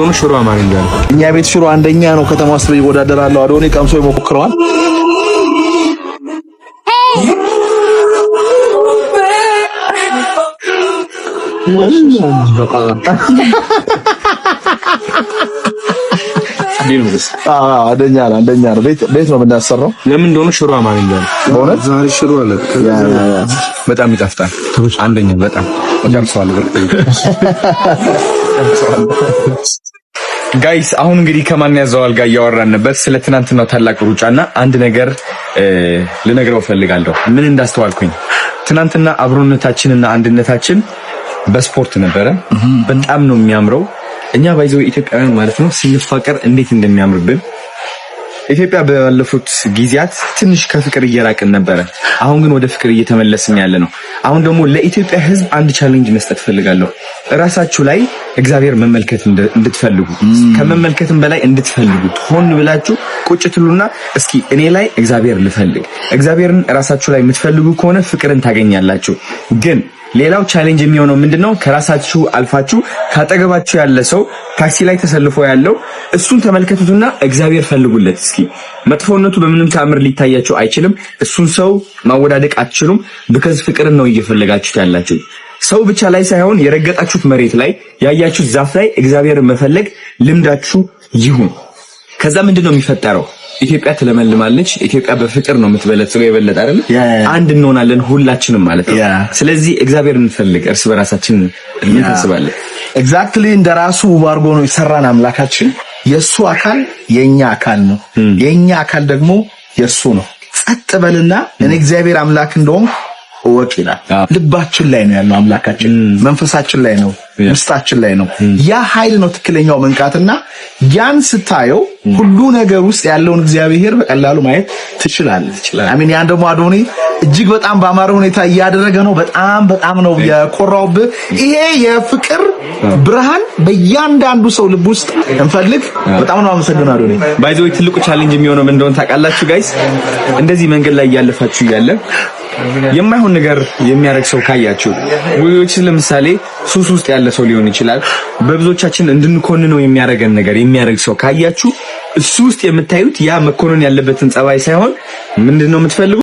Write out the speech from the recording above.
እንደውም ሽሮ አማርኛ ነው። እኛ ቤት ሽሮ አንደኛ ነው። ከተማ ውስጥ ይወዳደራል። አዶኒ ቀምሶ ይሞክረዋል። አንደኛ ነው። አንደኛ ነው። ቤት ቤት ነው የምናሰራው። ለምን እንደሆነ ሽሮ ዛሬ ሽሮ አለ። በጣም ይጣፍጣል። አንደኛ በጣም ጋይስ አሁን እንግዲህ ከማን ያዘዋል ጋር እያወራንበት ስለ ትናንትናው ታላቅ ሩጫና አንድ ነገር ልነግረው ፈልጋለሁ። ምን እንዳስተዋልኩኝ ትናንትና አብሮነታችንና አንድነታችን በስፖርት ነበረ። በጣም ነው የሚያምረው። እኛ ባይዘው ኢትዮጵያውያን ማለት ነው ስንፋቀር እንዴት እንደሚያምርብን ኢትዮጵያ ባለፉት ጊዜያት ትንሽ ከፍቅር እየራቅን ነበረ። አሁን ግን ወደ ፍቅር እየተመለስን ያለ ነው። አሁን ደግሞ ለኢትዮጵያ ሕዝብ አንድ ቻሌንጅ መስጠት ፈልጋለሁ። እራሳችሁ ላይ እግዚአብሔር መመልከት እንድትፈልጉ ከመመልከትም በላይ እንድትፈልጉ ሆን ብላችሁ ቁጭ ትሉና እስኪ እኔ ላይ እግዚአብሔር ልፈልግ። እግዚአብሔርን እራሳችሁ ላይ የምትፈልጉ ከሆነ ፍቅርን ታገኛላችሁ ግን ሌላው ቻሌንጅ የሚሆነው ምንድነው? ከራሳችሁ አልፋችሁ ካጠገባችሁ ያለ ሰው ታክሲ ላይ ተሰልፎ ያለው እሱን ተመልከቱትና እግዚአብሔር ፈልጉለት። እስኪ መጥፎነቱ በምንም ተአምር ሊታያችሁ አይችልም። እሱን ሰው ማወዳደቅ አትችሉም። ብከዝ ፍቅርን ነው እየፈለጋችሁት ያላችሁ። ሰው ብቻ ላይ ሳይሆን የረገጣችሁት መሬት ላይ ያያችሁት ዛፍ ላይ እግዚአብሔርን መፈለግ ልምዳችሁ ይሁን። ከዛ ምንድነው የሚፈጠረው? ኢትዮጵያ ትለመልማለች። ኢትዮጵያ በፍቅር ነው የምትበለጽገው የበለጠ አይደል? አንድ እንሆናለን ሁላችንም ማለት ነው። ስለዚህ እግዚአብሔር እንፈልግ፣ እርስ በራሳችን እንታስባለን። ኤግዛክትሊ እንደራሱ ውብ አድርጎ ነው የሰራን አምላካችን። የሱ አካል የኛ አካል ነው፣ የኛ አካል ደግሞ የሱ ነው። ጸጥ በልና እኔ እግዚአብሔር አምላክ እንደሆን እወቅ ይላል። ልባችን ላይ ነው ያለው አምላካችን፣ መንፈሳችን ላይ ነው፣ ውስጣችን ላይ ነው። ያ ኃይል ነው ትክክለኛው መንቃትና ያን ስታየው ሁሉ ነገር ውስጥ ያለውን እግዚአብሔር በቀላሉ ማየት ትችላለህ። አሚን ያን ደግሞ አዶኒ እጅግ በጣም በአማረ ሁኔታ እያደረገ ነው። በጣም በጣም ነው የኮራውብህ። ይሄ የፍቅር ብርሃን በእያንዳንዱ ሰው ልብ ውስጥ እንፈልግ። በጣም ነው አመሰግናለሁ። አዶኒ ባይዘው ትልቁ ቻሌንጅ የሚሆነው ምን እንደሆነ ታውቃላችሁ ጋይስ? እንደዚህ መንገድ ላይ እያለፋችሁ እያለ የማይሆን ነገር የሚያደርግ ሰው ካያችሁ ወይስ ለምሳሌ ሱስ ውስጥ ያለ ሰው ሊሆን ይችላል። በብዙዎቻችን እንድንኮንነው የሚያደርገን ነገር የሚያደርግ ሰው ካያችሁ እሱ ውስጥ የምታዩት ያ መኮንን ያለበትን ጸባይ ሳይሆን ምንድን ነው የምትፈልጉት